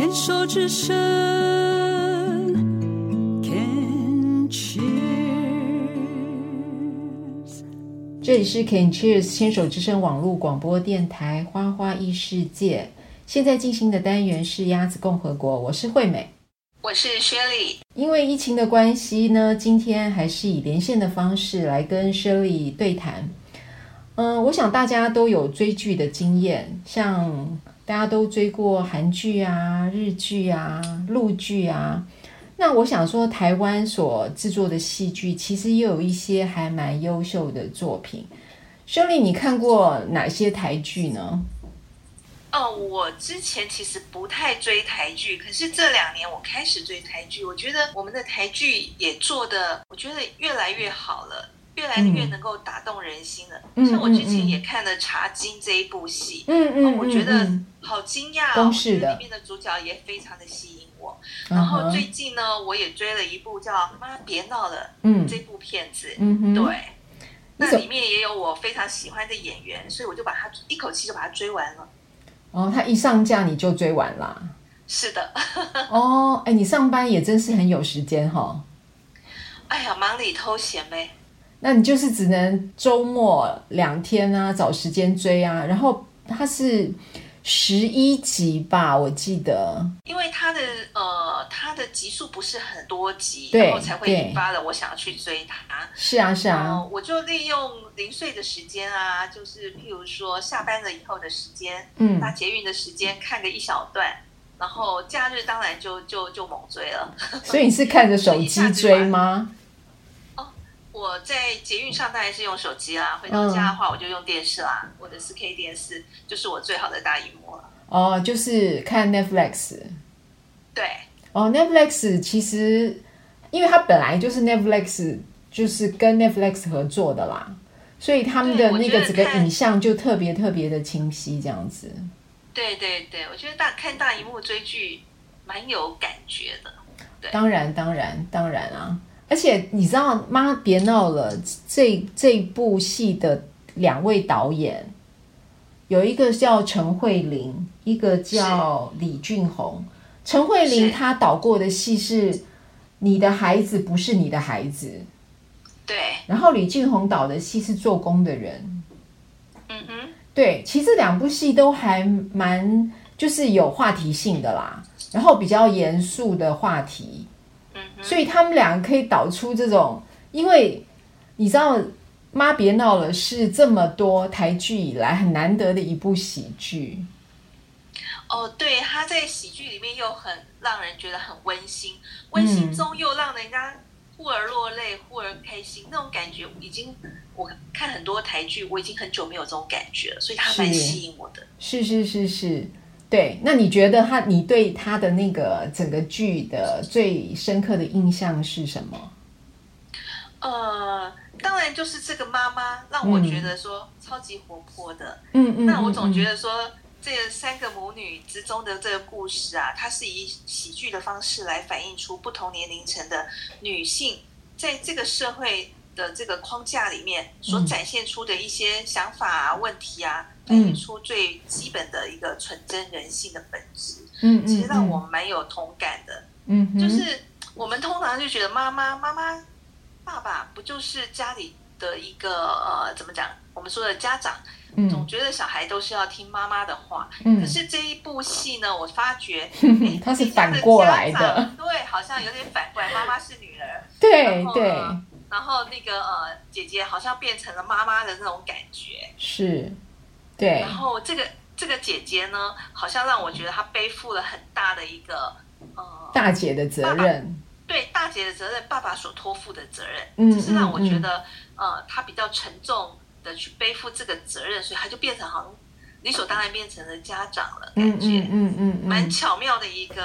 牽手之聲，Can Cheers。這裡是 Can Cheers 牽手之聲網絡廣播電臺花花異世界，現在進行的單元是鴨子共和國。我是惠美，我是 Shirley。因為疫情的關係呢，今天還是以連線的方式來跟 Shirley 對談。嗯，我想大家都有追劇的經驗，像，大家都追過韓劇啊、日劇啊、陸劇啊，那我想說，台灣所制作的戲劇其實也有一些還蠻優秀的作品。秀麗，你看過哪些台劇呢？哦，我之前其實不太追台劇，可是這兩年我開始追台劇，我覺得我們的台劇也做得，我覺得越來越好了。越來越能夠打動人心了。嗯、像我之前也看了《茶金》這一部戲，嗯、哦、嗯，我覺得好驚訝哦，的裡面的主角也非常的吸引我，嗯。然後最近呢，我也追了一部叫《媽別鬧了》，嗯，這部片子，嗯對嗯，那裡面也有我非常喜歡的演員，所以我就把它一口氣就把它追完了。哦，他一上架你就追完了？是的。 哦，哎，欸，你上班也真是很有時間哈，哦。哎呀，忙裡偷閒唄。那你就是只能週末兩天啊，找時間追啊。然後它是十一集吧，我記得。因為它的呃，它的集數不是很多集，然後才會引發了我想要去追它。是啊，是啊。我就利用零碎的時間啊，就是譬如說下班了以後的時間，嗯，那捷運的時間看個一小段，然後假日當然就就就猛追了。 所以你是看着手機追嗎？我在捷運上當然是用手機啦、啊，回到家的話我就用電視啦、啊，嗯。我的四 K 電視就是我最好的大螢幕了。哦，就是看 Netflix。對。哦，Netflix 其實因為它本來就是 Netflix，就是跟 Netflix 合作的啦，所以他們的那個整個影像就特別特別的清晰，這樣子，對。對對對，我覺得大看大螢幕追劇蠻有感覺的。對，當然當然當然啊。而且你知道嗎？媽別鬧了，這這部戲的兩位導演有一個叫陳慧玲，一個叫李俊宏。陳慧玲她導過的戲是《你的孩子不是你的孩子》，對。然後李俊宏導的戲是《做工的人》。嗯哼、嗯。對，其實兩部戲都還蠻就是有話題性的啦，然後比較嚴肅的話題。所以他們倆可以導出這種，因為你知道，媽別鬧了是這麼多台劇以來很難得的一部喜劇。哦，對，他在喜劇裡面又很讓人覺得很溫馨，溫馨中又讓人家忽而落淚，忽而開心，那種感覺已經我看很多台劇，我已經很久沒有這種感覺了，所以他蠻吸引我的，是是是是。是是是對，那你覺得他，你對他的那個整個劇的最深刻的印象是什麼？呃，當然就是這個媽媽讓我覺得說超級活潑的。嗯嗯。那我總覺得說、嗯嗯嗯、這三個母女之中的這個故事啊，它是以喜劇的方式來反映出不同年齡層的女性在這個社會的這個框架裡面所展現出的一些想法啊、問題啊。嗯反映出最基本的一個純真人性的本質，嗯其實讓我蠻有同感的，嗯就是我們通常就覺得媽媽媽媽爸爸不就是家裡的一個呃怎麼講我們說的家長、嗯，總覺得小孩都是要聽媽媽的話，嗯、可是這一部戲呢，我發覺她、嗯欸、是反過來的，姐姐的家長，對，好像有點反過來，媽媽是女兒，對、呃、對，然後那個呃姐姐好像變成了媽媽的那種感覺，是。對，然後這個這個姐姐呢，好像讓我覺得她背負了很大的一個，呃、大姐的責任。對，大姐的責任，爸爸所托付的責任，嗯，就是讓我覺得、嗯嗯，呃，她比較沉重的去背負這個責任，所以她就變成好像理所當然變成了家長了，感覺，嗯嗯,嗯,嗯,嗯，蠻巧妙的一個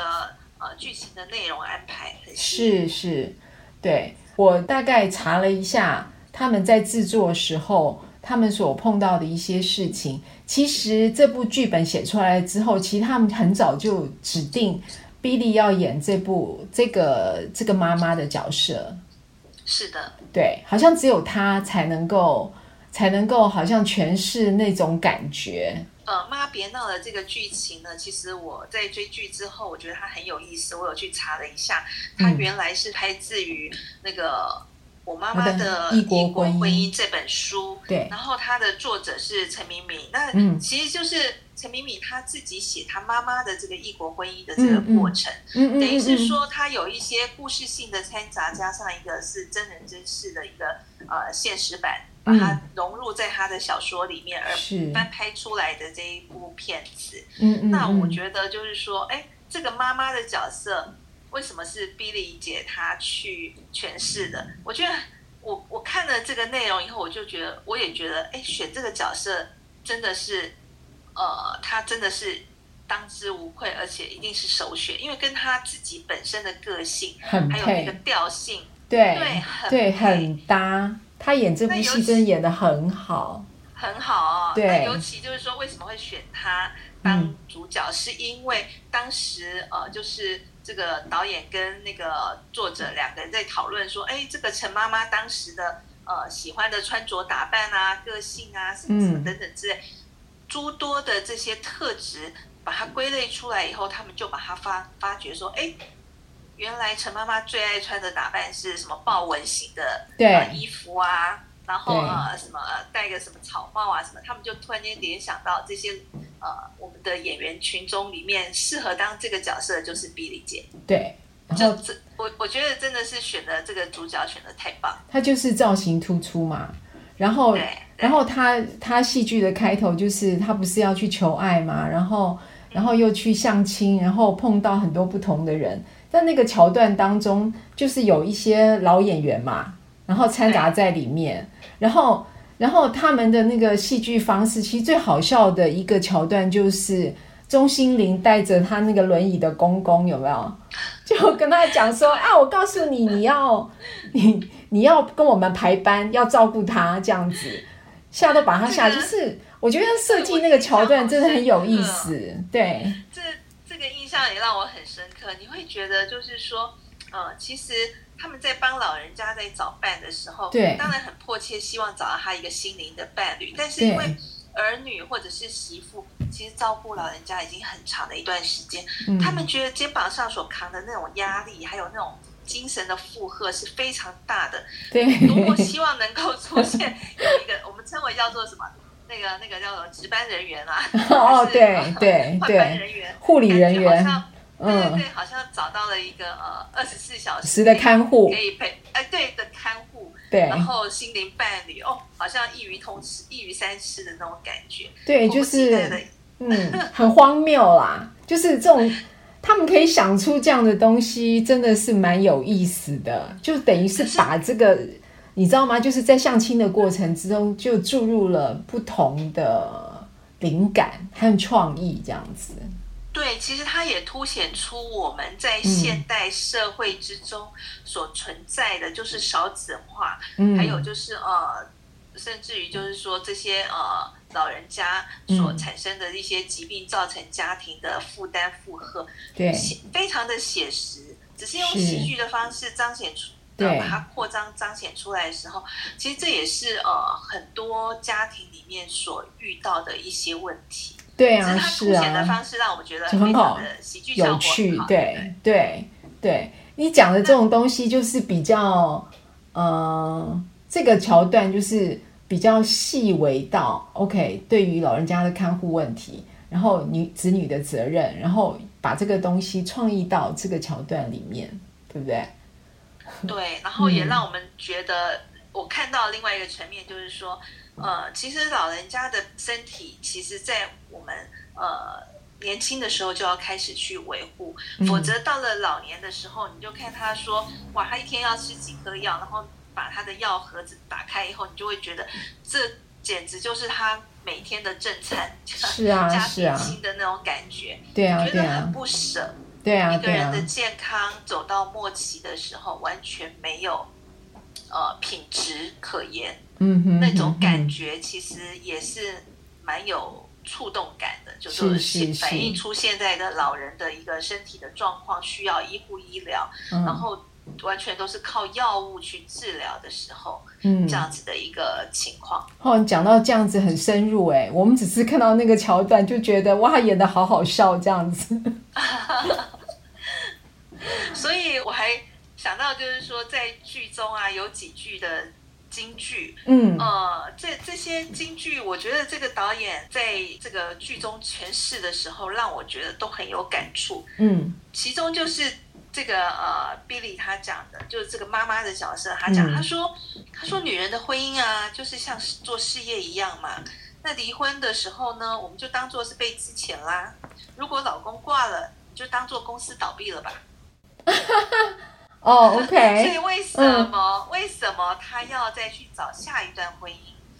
呃劇情的內容安排，很是是，對，我大概查了一下，他們在制作的時候。他們所碰到的一些事情，其實這部劇本寫出來之後，其實他們很早就指定比莉要演這部這個這個媽媽的角色。是的，對，好像只有他才能夠，才能夠好像詮釋那種感覺。呃，媽別鬧了這個劇情呢，其實我在追劇之後，我覺得它很有意思。我有去查了一下，它原來是拍自於那個。嗯我媽媽的，我的異國婚姻這本書，對，然後它的作者是陳名珉，那其實就是陳名珉她自己寫她媽媽的這個異國婚姻的這個過程，嗯嗯嗯嗯嗯嗯、等於是說她有一些故事性的摻雜，加上一個是真人真事的一個呃現實版，把它融入在她的小說裡面而翻拍出來的這一部片子，嗯嗯，嗯，嗯，那我覺得就是說，哎，這個媽媽的角色。為什麼是比莉姐她去詮釋的？我覺得我我看了這個內容以後，我就覺得我也覺得，哎，選這個角色真的是，呃，他真的是當之無愧，而且一定是首選，因為跟他自己本身的個性還有那個調性對對，很，對很搭。他演這部戲真的演的很好，很好哦。對，那尤其就是說，為什麼會選他當主角？嗯，是因為當時呃，就是。這個導演跟那個作者兩個人在討論說：“哎，這個陳媽媽當時的呃喜歡的穿着打扮啊、個性啊，什麼什麼等等之類、嗯、諸多的這些特質，把它歸類出來以後，他們就把它發發覺說：哎，原來陳媽媽最愛穿的打扮是什麼豹紋型的、呃、衣服啊。”然後啊，什麼戴、啊、個什麼草帽啊，什麼，他們就突然間聯想到這些，呃，我們的演員群中裡面適合當這個角色的就是比莉姐。對，然後這我我覺得真的是選的這個主角選的太棒。他就是造型突出嘛，然後對對然後他他戲劇的開頭就是他不是要去求愛嘛，然後然後又去相親，然後碰到很多不同的人，在那個橋段當中，就是有一些老演員嘛。然後摻雜在裡面，哎、然後然後他們的那個戲劇方式，其實最好笑的一個橋段就是鍾欣凌帶着他那個輪椅的公公，有沒有？就跟他講說 啊，我告訴你，你要你你要跟我們排班，要照顧他這樣子，嚇都把他嚇、啊，就是我覺得設計那個橋段真的很有意思，哦、對，對。這這個印象也讓我很深刻。你會覺得就是說，呃其實。他們在幫老人家在找伴的時候，對，當然很迫切希望找到他一個心靈的伴侶。但是因為兒女或者是媳婦，其實照顧老人家已經很長的一段時間，嗯，他們覺得肩膀上所扛的那種壓力，還有那種精神的負荷是非常大的。對，如果希望能夠出現有一個我們稱為叫做什麼， 那個那個叫做值班人員啊，哦對對、哦、對，換班人員、護理人員。對對對對、嗯，好像找到了一個呃，二十四小時，時的看護，可以陪，哎，對的看護，對，然後心靈伴侶，哦，好像一魚通吃，一魚三吃的那種感覺，對，不不，就是，嗯，很荒謬啦， 就是這種，他們可以想出這樣的東西，真的是蠻有意思的，就等於是把這個，你知道嗎？就是在相親的過程之中，就注入了不同的靈感和創意，這樣子。對，其實它也凸顯出我們在現代社會之中所存在的就是少子化，嗯，還有就是呃，甚至於就是說這些呃老人家所產生的一些疾病造成家庭的負擔負荷，對，嗯，非常的寫實，只是用戲劇的方式彰顯出，對，把它擴張彰顯出來的時候，其實這也是呃很多家庭裡面所遇到的一些問題。對啊，是啊，講的方式讓我們覺得很好喜劇有趣，對對對，對，你講的這種東西就是比較，嗯、呃，這個橋段就是比較細微到 OK，對於老人家的看護問題，然後女子女的責任，然後把這個東西創意到這個橋段裡面，對不對？對，然後也讓我們覺得，嗯、我看到另外一個層面就是說。呃，其實老人家的身體，其實，在我們呃年輕的時候就要開始去維護、嗯，否則到了老年的時候，你就看他說，哇，他一天要吃幾顆藥，然後把他的藥盒子打開以後，你就會覺得這簡直就是他每天的正餐，是啊，是啊，加點心的那種感覺，對啊，覺得很不捨，對啊，一個人的健康、對啊、對啊、走到末期的時候，完全沒有呃品質可言。嗯， 那種感覺其實也是蠻有觸動感的，是是是，就是反映出現在的老人的一個身體的狀況需要醫護醫療，嗯、然後完全都是靠藥物去治療的時候，嗯、這樣子的一個情況。哦，講到這樣子很深入哎，我們只是看到那個橋段就覺得哇，演得好好笑這樣子。 所以我還想到，就是說在劇中啊有幾句的。金句， 嗯，呃，這這些金句，我覺得這個導演在這個劇中詮釋的時候，讓我覺得都很有感觸，嗯，其中就是這個呃，比莉他講的，就是這個媽媽的角色，他講、嗯，他說，他說女人的婚姻啊，就是像是做事業一樣嘛，那離婚的時候呢，我們就當做是被資遣啦，如果老公掛了，就當做公司倒閉了吧。 哦、oh，OK， 所以為什麼、嗯、為什麼他要再去找下一段婚姻？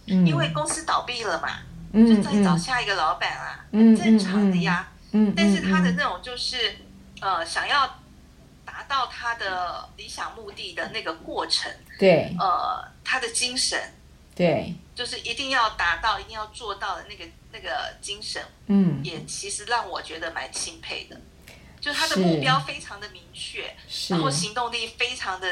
嗯、因為公司倒閉了嘛、嗯，就再找下一個老闆啊、嗯，很正常的呀、嗯。但是他的那種就是、嗯、呃，想要達到他的理想目的的那個過程，對，呃，他的精神，對，就是一定要達到、一定要做到的那個那個精神，嗯，也其實讓我覺得蠻欽佩的。就他的目標非常的明確，然後行動力非常的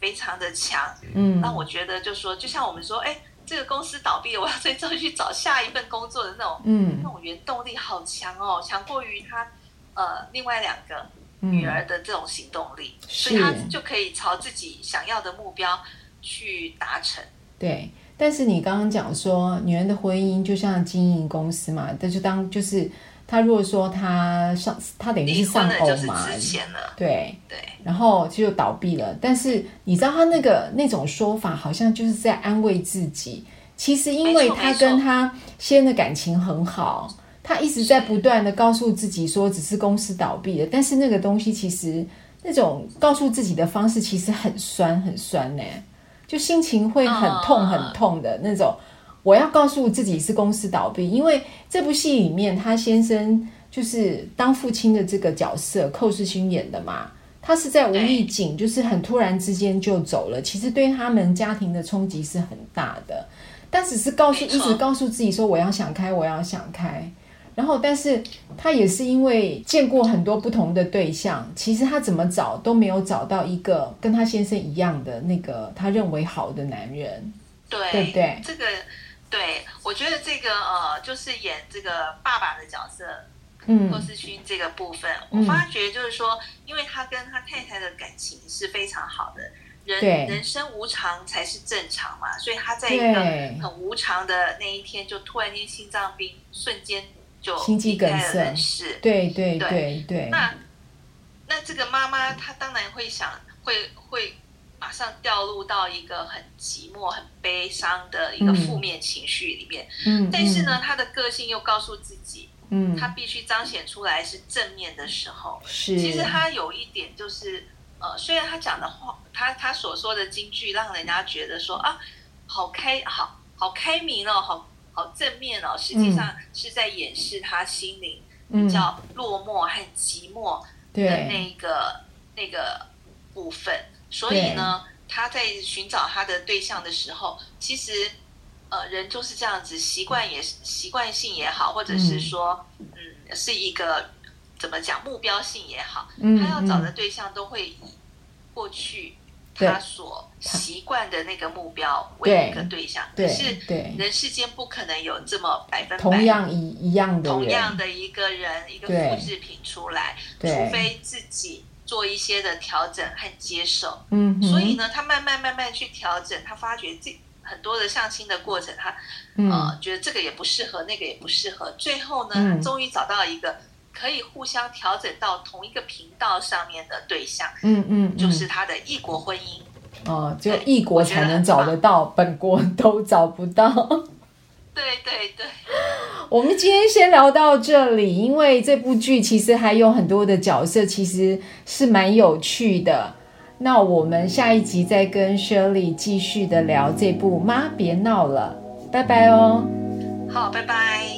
非常的強，嗯，那我覺得就說，就像我們說，哎、欸，這個公司倒閉了，我要最終去找下一份工作的那種，嗯，那種原動力好強哦，強過於他呃另外兩個女兒的這種行動力、嗯，所以他就可以朝自己想要的目標去達成。對，但是你剛剛講說，女人的婚姻就像經營公司嘛，但就當就是。他如果說他上，他等於是上鈎嘛，了，對對，然後就倒閉了。但是你知道他那個那種說法，好像就是在安慰自己。其實因為他跟他先的感情很好，他一直在不斷的告訴自己說只是公司倒閉了。但是那個東西其實那種告訴自己的方式，其實很酸很酸呢、欸，就心情會很痛很痛的、哦啊、那種。我要告訴自己是公司倒閉，因為這部戲裡面他先生就是當父親的這個角色寇世勛演的嘛，他是在無意間、欸，就是很突然之間就走了，其實對他們家庭的衝擊是很大的。但只是告訴一直告訴自己說我要想開，我要想開。然後，但是他也是因為見過很多不同的對象，其實他怎麼找都沒有找到一個跟他先生一樣的那個他認為好的男人，對，對不對？這個。對，我覺得這個呃，就是演這個爸爸的角色，嗯，寇世勳這個部分，我發覺就是說，嗯，因為他跟他太太的感情是非常好的，人人生無常才是正常嘛，所以他在一個很無常的那一天，就突然間心臟病，瞬間就離開了人世，心肌梗塞。對，對對對對。那那這個媽媽，她當然會想，會會。馬上掉入到一個很寂寞、很悲傷的一個負面情緒裡面，嗯。但是呢，他的個性又告訴自己，嗯，他必須彰顯出來是正面的時候。是。其實他有一點就是，呃，雖然他講的話，他他所說的金句，讓人家覺得說啊，好開，好，好開明哦，好好正面哦，實際上是在掩飾他心靈比較落寞和寂寞的、嗯、那個那個部分。所以呢，他在尋找他的對象的時候，其實，呃，人就是這樣子，習慣也是習慣性也好，或者是說，嗯，嗯是一個怎麼講目標性也好，嗯，他要找的對象都會以過去他所習慣的那個目標為一個對象，對，可是，人世間不可能有這麼百分百一樣、一一樣的同樣的一個人，一個複製品出來，對，除非自己做一些的調整和接受，嗯，所以呢，他慢慢慢慢去調整，他發覺這很多的相親的過程，他、嗯，呃，覺得這個也不適合，那個也不適合，最後呢、嗯，終於找到一個可以互相調整到同一個頻道上面的對象，嗯嗯，嗯，就是他的異國婚姻，哦，就異國才能找得到，得本國都找不到。 對對對，我們今天先聊到這裡，因為這部劇其實還有很多的角色，其實是蠻有趣的。那我們下一集再跟 Shirley 繼續的聊這部《媽別鬧了》，拜拜哦。好，拜拜。